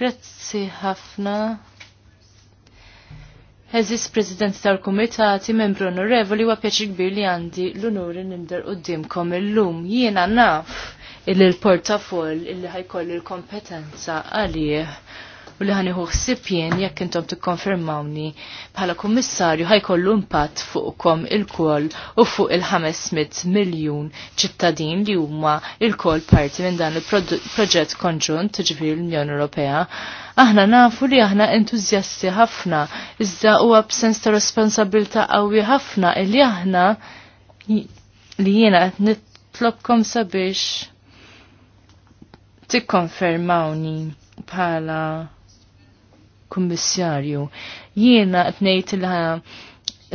Grazzi ħafna. Eżis President tal-Kumitati, membru onorevoli, huwa pjaċi kbir li għandi l-unuri nimder qudiemkom illum. Jiena naf il-portafol illi ħajkoll il kompetenza għalih u li ħaniħu ħsib jien jekk intom tikkonfermawni bħala kummissarju ħajkollu impatt fuqkom il kol u fuq il-500 miljun ċittadin li huma il kol parti minn dan il-proġett konġunt ġifir l-Unjoni Ewropea. Aħna nafu li aħna entużjasti ħafna, iżda huwa b'sens ta' responsabilta' qawwi ħafna li aħna li jiena qed nitlobkom sabiex tikkonfermawni bħala kummissarju. Jiena qed ngħid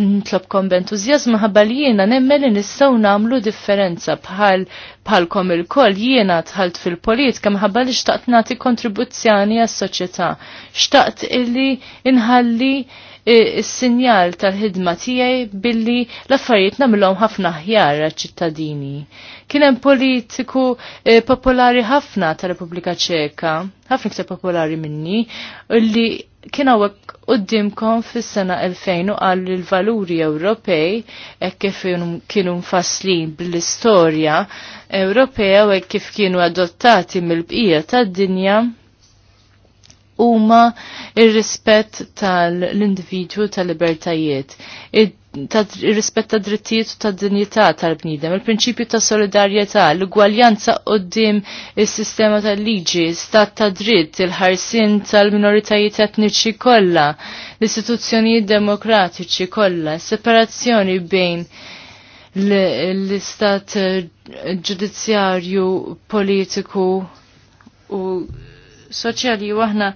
nitlobkom b'entużjażmu ħabba li jiena nemmen li nistgħu nagħmlu differenza bħal bħalkom il-koll jiena tħalt fil-politika minħabba li xtaqt nagħti kontribuzzjoni għas-soċjetà. Xtaqt illi inħalli is-sinjal e, tal-ħidma tiegħi billi l-affarijiet nagħmluhom ħafna aħjar għaċ ċittadini. Kien hemm politiku e, popolari ħafna tar-Repubblika Ċeka, ħafna iktar popolari minni, li kien hawnhekk quddiemkom fis-sena 2000 u qal li l-valuri Ewropej hekk kif kienu mfasslin bl-istorja Ewropea u hekk kif kienu adottati mill-bqija tad-dinja huma ir-rispett tal-individwu tal-libertajiet. id rispett ta' drittijiet u ta' dinjità tal bnidem il-prinċipju ta' solidarjetà, l-ugwaljanza qoddim is-sistema tal-liġi, stat ta' dritt, il-ħarsin tal-minoritajiet etniċi kollha, l-istituzzjonijiet demokratiċi kollha, separazzjoni bejn l-istat eh, ġudizzjarju, politiku u soċjali u aħna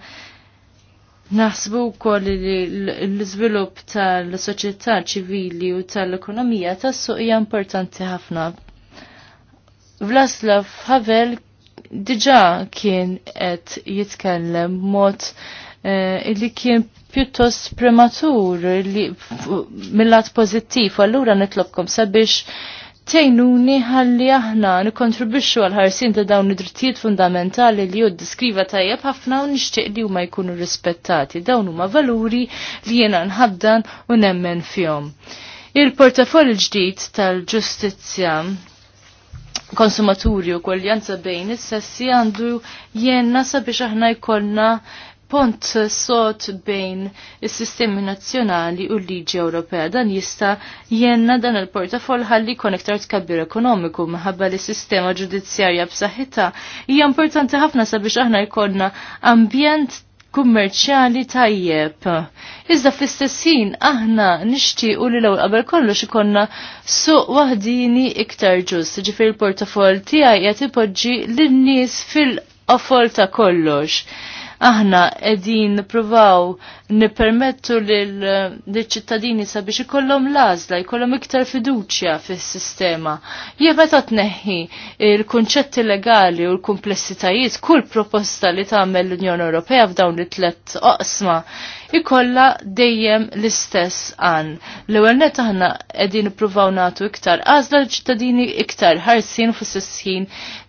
Naħsbu wkoll li l-iżvilupp tal-soċjetà ċivili u tal-ekonomija tas hija importanti ħafna. Vlaslav Havel diġà kien qed jitkellem mod eh, li kien pjuttost prematur li mill-lat pozittiv, allura nitlobkom sabiex tejnuni ħalli aħna nikontribwixxu għal ħarsin ta' dawn id-drittijiet fundamentali li ju diskriva tajjeb ħafna u nixtieq li huma jkunu rispettati. Dawn huma valuri li jiena nħaddan u nemmen fihom. Il-portafoll ġdid tal-ġustizzja konsumaturi u kolljanza bejn is-sessi għandu jenna sabiex aħna jkollna pont sot bejn is-sistemi nazzjonali u l-liġi Ewropea. Dan jista' jenna dan il-portafol ħalli jkun iktar tkabbir ekonomiku minħabba li sistema ġudizzjarja b'saħħitha hija importanti ħafna sabiex aħna jkollna ambjent kummerċjali tajjeb. Iżda fl ħin aħna nixtiequ li l-ewwel qabel kollox ikonna suq waħdini iktar ġust, ġifier il-portafol tiegħi qed ipoġġi lin-nies fil-qofol ta' kollox aħna qegħdin nippruvaw nippermettu lill-ċittadini sabiex ikollhom l-għażla, jkollhom iktar fiduċja fis-sistema. Jekk meta tneħħi il-kunċetti legali u l-kumplessitajiet kull proposta li tagħmel l-Unjoni Ewropea f'dawn it-tlet oqsma ikolla dejjem l-istess għan. L-ewwel net aħna qegħdin nippruvaw nagħtu iktar għażla l-ċittadini iktar ħarsin fis sissin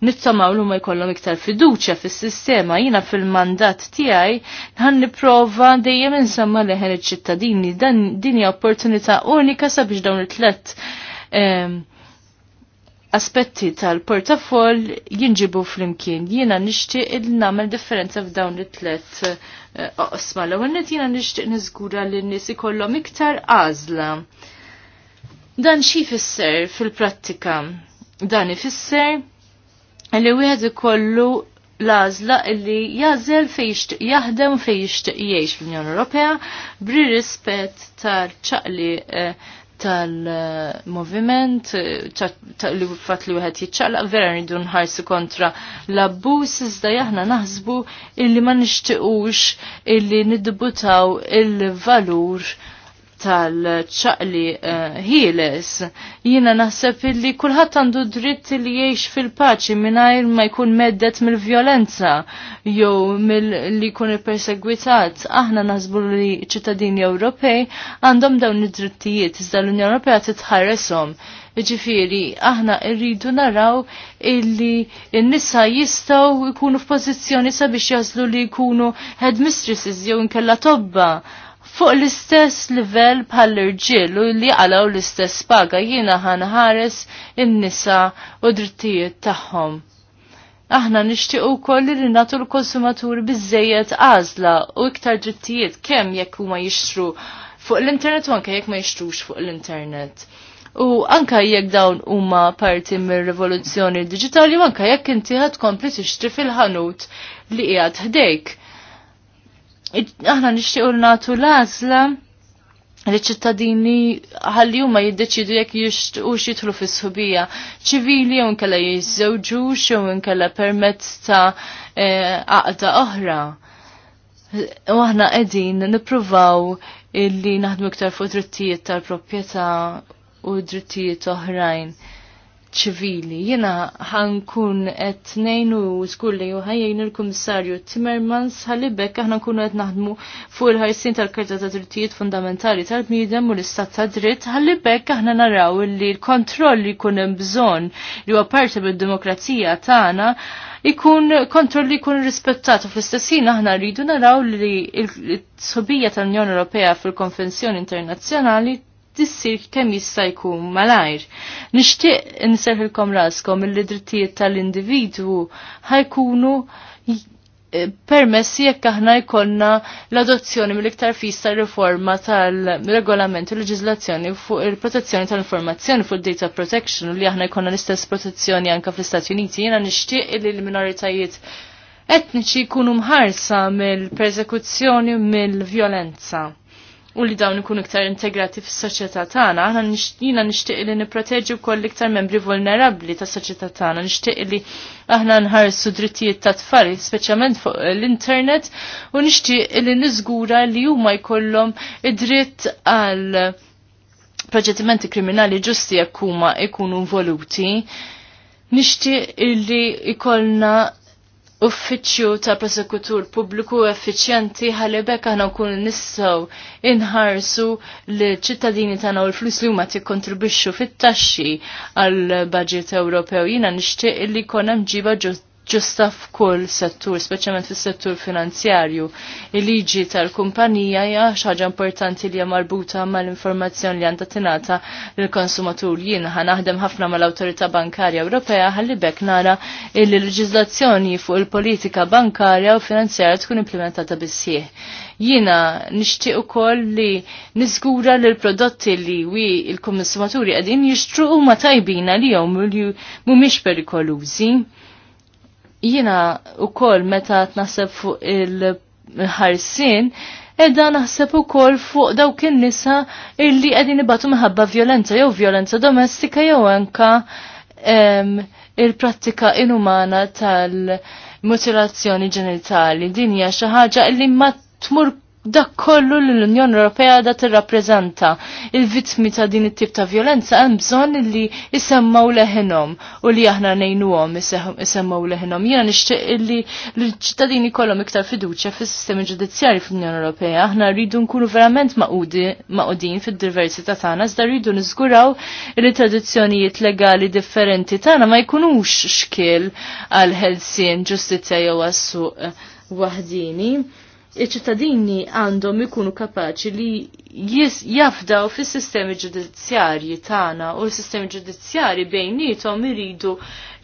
nittamaw l umma jkollhom iktar fiduċja fis-sistema jiena fil-mandat tiegħi ħan nipprova dejjem insamma leħen iċ-ċittadini dan dinja opportunità unika sabiex dawn it-tlett aspetti tal-portafol jinġibu flimkien. Jina nishtiq il-namel differenza f'dawn it-tlet eh, oqsma. L-għonet jina nishtiq nizgura li n kollom ikollhom iktar għażla. Dan xi fisser fil-prattika? Dan ifisser li wieħed ikollu l-għażla li jażel fejn jahdem jaħdem fejn jixtieq jgħix fl-Unjoni Ewropea bri rispett tal-ċaqli eh, tal-moviment, li fatt li wieħed jiċċaqlaq vera rridu nħarsu kontra l-abbuż iżda jaħna naħsbu illi ma nixtiequx illi niddibutaw il-valur il valur tal-ċaqli eh, ħieles. Jina naħseb illi kulħadd għandu dritt li jgħix fil-paċi mingħajr ma jkun meddet mill-vjolenza jew mill-li jkun ippersegwitat. Aħna naħsbu li ċittadini Ewropej għandhom dawn id-drittijiet iżda l-Unjoni Ewropea titħarreshom. Ġifiri, aħna rridu naraw illi n-nisa jistaw jkunu f'pożizzjoni sabiex jazlu li jkunu headmistresses jew inkella tobba fuq l-istess livell bħal l-irġiel u li għalaw l-istess paga jiena ħanħares in-nisa u drittijiet tagħhom. Aħna nixtieq ukoll li nagħtu l-konsumatur bizzejiet għażla u iktar drittijiet kemm jekk huma jixtru fuq l-internet u anke jekk ma jixtrux fuq l-internet. U anka jekk dawn huma parti mir rivoluzzjoni digitali u anka jekk inti ħad kompli tixtri fil-ħanut li qiegħed ħdejk aħna nixtiequ natu l-għażla li ċittadini ħalli huma jiddeċidu jekk jixtiequx jidħlu fis-sħubija ċivili jew inkella jiżżewġux jew inkella permezz ta' eh, għaqda oħra. U aħna qegħdin nippruvaw illi naħdmu iktar fuq drittijiet tal-proprjetà u drittijiet oħrajn ċivili. Jena ħankun et nejnu skulli u ħajjajn il-Komissarju Timmermans ħalibek aħna nkunu et naħdmu fuq il-ħarsin tal-Karta ta' Drittijiet Fundamentali tal-Bniedem u l-Istat ta' Dritt ħalibek aħna naraw li l-kontroll li jkun hemm bżonn li huwa parti mid-demokrazija tagħna ikun kontrolli ikun u fl-istessin aħna rridu naraw li l-sobija tal-Unjoni Ewropea fil-Konvenzjoni Internazzjonali tissir kemm jista' jkun malajr. Nixtieq inserħilkom raskom il-drittijiet tal-individwu ħajkunu eh, permessi jekk aħna jkollna l-adozzjoni mill-iktar fis riforma tal-regolament u leġiżlazzjoni fuq il-protezzjoni tal-informazzjoni fuq data protection u li aħna jkollna l-istess protezzjoni anke fl-Istati Uniti. Jiena nixtieq li l-minoritajiet etniċi jkunu mħarsa mill-persekuzzjoni mill-vjolenza u li dawn ikunu iktar integrati fis-soċjetà tagħna, aħna jiena nixtieq li nipproteġi wkoll iktar membri vulnerabbli tas-soċjetà tagħna, nixtieq li aħna nħarsu drittijiet ta' tfal, speċjalment fuq l-internet, u nixtieq li niżgura li huma jkollhom id-dritt għal proġettimenti kriminali ġusti jekk huma ikunu involuti. Nixtieq li ikollna uffiċċju ta' prosekutur pubbliku effiċjenti ħalli bekk aħna nkunu nistgħu inħarsu li ċittadini tagħna u l-flus li huma tikkontribwixxu fit-taxxi għall baġit Ewropew. Jiena nixtieq li jkun hemm ġiba ġust ġusta f'kull settur, speċjalment fis-settur finanzjarju. Il-liġi tal-kumpanija hija ħaġa importanti li hija marbuta mal-informazzjoni li għandha tingħata lill-konsumatur. Jien ħa naħdem ħafna mal-Awtorità Bankarja Ewropea ħalli bekk nara il leġiżlazzjoni fuq il-politika bankarja u finanzjarja tkun implementata bissieħ. Jiena nixtieq ukoll li niżgura li l-prodotti li wi il-konsumaturi qegħdin jixtruqu ma tajbina li jom mhumiex perikolużi. Jiena u kol meta t-naħseb fuq il-ħarsin, edda naħseb u kol fuq dawk in nisa illi għedin ibatu meħabba violenza, jew violenza domestika, jew anka il-prattika inumana tal-mutilazzjoni ġenitali. Din hija xi ħaġa illi ma tmur dak kollu li l-Unjoni Ewropea da tirrappreżenta. Il-vittmi ta' din it-tip ta' violenza hemm bżonn li isemmaw leħinhom u li aħna ngħinuhom isemmaw leħinhom. Jiena nixtieq li l-ċittadini kollhom iktar fiduċja fis-sistemi ġudizzjarji fl-Unjoni Ewropea. Aħna rridu nkunu verament maqudin fid-diversità tagħna iżda rridu niżguraw li tradizzjonijiet legali differenti tagħna ma jkunux xkiel għal ħelsien ġustizzja jew għas-suq waħdini iċ-ċittadini għandhom ikunu kapaċi li jafdaw fis sistemi ġudizzjarji tagħna u l-sistemi ġudizzjarji bejnietom iridu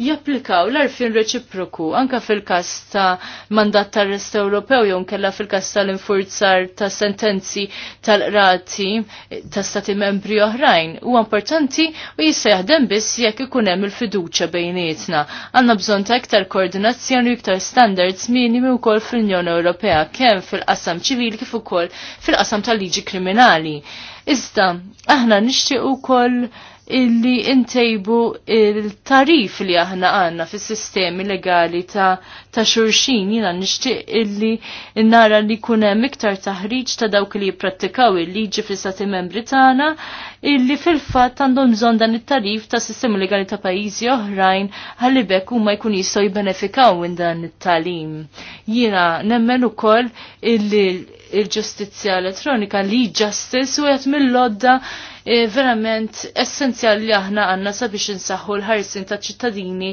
japplikaw l-arfin reċiproku anka fil-każ ta' mandat tar-Rest Ewropew jew nkella fil-każ tal-infurzar ta' sentenzi tal-qrati ta' stati membri oħrajn. Huwa importanti u jista' jaħdem biss jekk ikun hemm il-fiduċja bejnietna. Għandna bżonn ta' iktar koordinazzjoni u iktar standards minimi wkoll fl-Unjoni Ewropea kemm fil-qasam ċivili kif ukoll fil-qasam tal-liġi kriminali nazzjonali. Iżda, aħna nixtieq ukoll illi intejbu il-tarif li aħna għanna fis sistemi legali ta', ta xurxin jina nishtiq illi nara li kunem iktar taħriġ ta' dawk li jiprattikaw il-liġi fil sati membri tagħna illi fil-fatt għandhom bżonn dan it-tarif ta' sistemi legali ta' pajjiżi oħrajn ħalli bekk huma jkun jistgħu jibbenefikaw minn dan it-talim. Jiena nemmen ukoll illi il-ġustizzja elettronika li justice u għet mill-lodda Eh, verament essenzjali li aħna għanna sabiex insaħħu l-ħarsin ta' ċittadini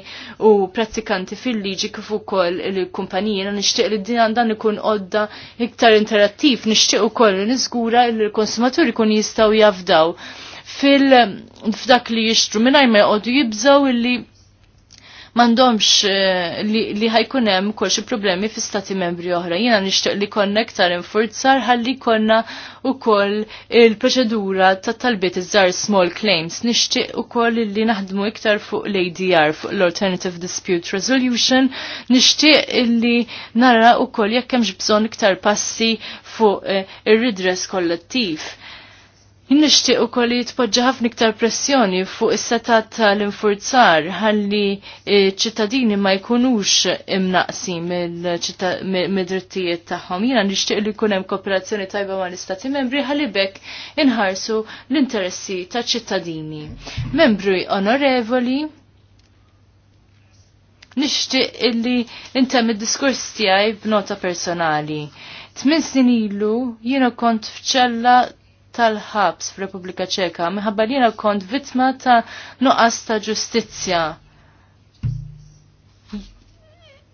u prattikanti fil-liġi kif ukoll il kumpanija Nixtieq li din għandha ikun għodda iktar interattiv, nixtieq ukoll niżgura li l-konsumaturi kun jistgħu jafdaw fil-fdak li jixtru minn ma jqogħdu jibżgħu illi m'għandhomx eh, li ħajkun hemm kol xi problemi fi stati membri oħra. Jiena nixtieq li konna iktar infurzar ħalli konna kol il-proċedura ta' talbiet iż-żar small claims. Nixtieq ukoll li naħdmu iktar fuq l-ADR fuq l-Alternative Dispute Resolution. Nixtieq li nara ukoll jekk hemmx bżonn iktar passi fuq eh, ir-redress kollettiv Nishtiq u koll jitpoġġa ħafna iktar pressjoni fuq is-setat tal-infurzar ħalli ċittadini ma jkunux imnaqsi mid-drittijiet tagħhom. Jiena nixtieq li jkun hemm kooperazzjoni tajba mal-Istati Membri ħalli bekk inħarsu l-interessi ta' ċittadini. Membri onorevoli, nixtieq illi intemm id diskurs tiegħi b'nota personali. Tmin snin ilu jiena kont f'ċella tal-ħabs f'Repubblika Ċeka minħabba li kont vittma ta' nuqqas ta' ġustizzja.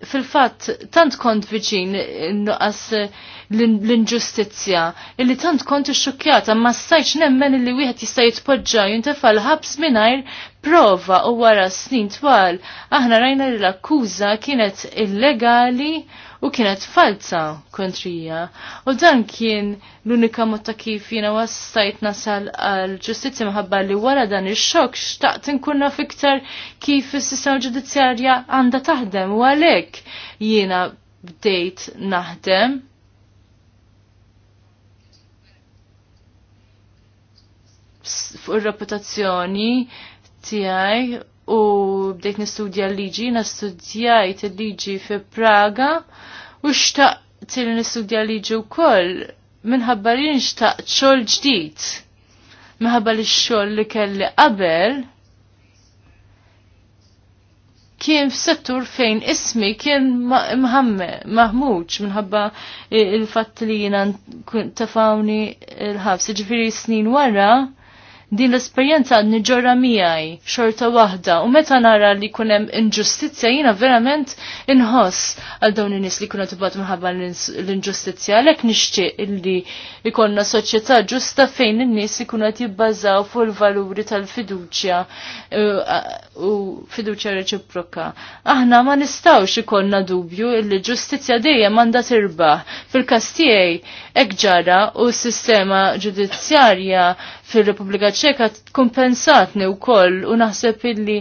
Fil-fatt, tant kont viċin nuqqas l-inġustizzja, illi tant kont ixxukkjata ma stajċ nemmen illi wieħed jista' jitpoġġa jintefa' l-ħabs mingħajr prova u wara snin twal aħna rajna li l-akkuża kienet illegali u kienet falsa kontrija. U dan kien l-unika motta kif jina wassajt nasal għal ġustizzja minħabba li wara dan ix-xokk xtaqt inkunna fiktar kif is-sistema ġudizzjarja għandha taħdem u għalhekk jiena bdejt naħdem. fuq ir reputazzjoni tiegħi u bdejt nistudja l-liġi, nastudjajt l-liġi fi Praga u xtaqt li nistudja l-liġi u koll minħabba li nxtaqt xol ġdijt. Minħabba li xol li kelli qabel kien f-settur fejn ismi kien maħmuċ minħabba il fat li jina tafawni il-ħabs. Ġifiri snin wara, din l-esperjenza niġġorra miħaj, xorta waħda u meta nara li jkun hemm inġustizzja jiena verament inħoss għal dawn in-nies li kuna tibgħat minħabba l-inġustizzja għalhekk nixtieq illi ikonna soċjetà ġusta fejn in-nies ikunu qed jibbażaw fuq il-valuri tal-fiduċja u fiduċja reċiproka. Aħna ma nistgħux ikollna dubju illi ġustizzja dejjem għandha tirbaħ. fil kastijaj tiegħi hekk ġara u s-sistema ġudizzjarja fil-Repubblika Ċeka kompensatni u koll u naħseb illi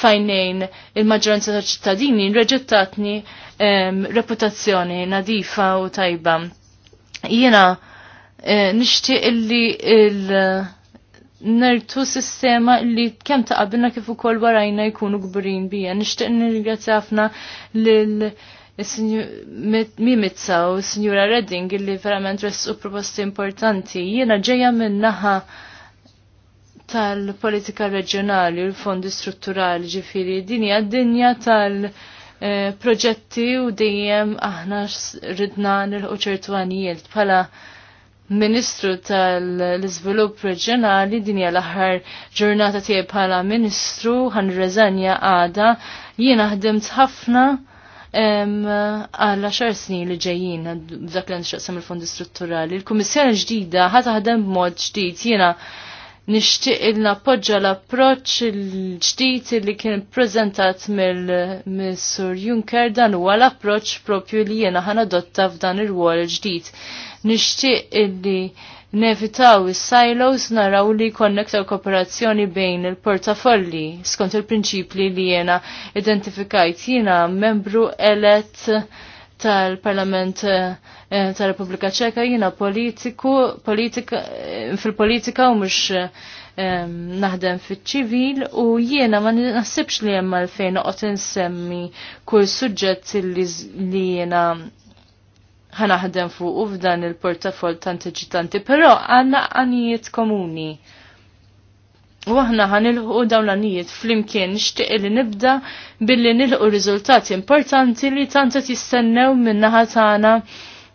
fajnejn il-maġġoranza ta' ċittadini reġettatni reputazzjoni nadifa u tajba. Jena eh, illi il- nertu sistema li kem taqabilna kif ukoll warajna jkunu gburin bija. Nixtieq nirringrazzja ħafna lil mimitzaw u Signora Redding illi verament ressu proposti importanti. Jiena ġeja minn naħa tal-politika reġjonali u l-fondi strutturali ġifiri dinja dinja tal-proġetti u dejjem aħna ridna nil ċertu għanijiet bħala Ministru tal-Izvilupp Reġjonali din hija l-aħħar ġurnata tiegħi bħala Ministru ħan reżenja għada jiena ħdimt ħafna għal xar snin li ġejjin dak li nxaqsam il-fondi strutturali. Il-Kummissjoni ġdida taħdem mod ġdid jiena nixtieq il nappoġġa l-approċċ l-ġdid li kien prezentat mill-Sur Juncker dan huwa l-approċċ propju li jiena ħanadotta f'dan ir wol ġdid. Nixtieq illi nevitaw is-silos naraw li konnektaw kooperazzjoni bejn il-portafolli skont il-prinċipli li jena identifikajt jina membru elett tal-Parlament eh, tal-Repubblika Ċeka jina politiku, politika, eh, fil-politika u mux eh, naħdem fil-ċivil u jiena ma nasibx li jemma l-fejn uqt nsemmi kull suġġett li jiena ħanaħdem fuq u f'dan il-portafol tant eċitanti, però għanna għanijiet komuni. U aħna ħanilħu dawn għanijiet fl flimkien nixtieq li nibda billi nilħu riżultati importanti li tant qed jistennew min-naħa tagħna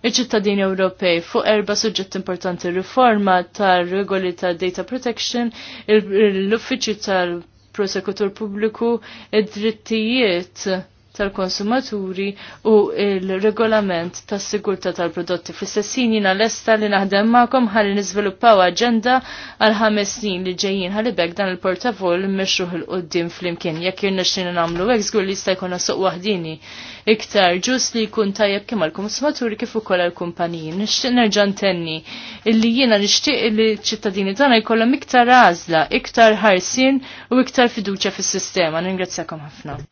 iċ-ċittadini Ewropej fuq erba' suġġett importanti riforma tar-regoli ta' data protection, l-uffiċċju tal-prosekutur pubbliku, id-drittijiet tal-konsumaturi u il-regolament tas sigurta tal-prodotti. Fis-sessin jina l-esta li naħdem ma'kom ħalli niżviluppaw aġenda għal ħames snin li ġejjin ħalli bekk dan il-portavol meċruħ il-qoddim flimkien. Jekk irna xrin nagħmlu hekk żgur li jista' jkun wahdini iktar ġus li jkun tajjeb kemm għall-konsumaturi kif ukoll għal kumpaniji Nixtieq nerġa' ntenni illi jiena nixtieq li ċittadini tagħna jkollhom iktar għażla, iktar ħarsien u iktar fiduċja fis-sistema. Ningrazzjakom ħafna.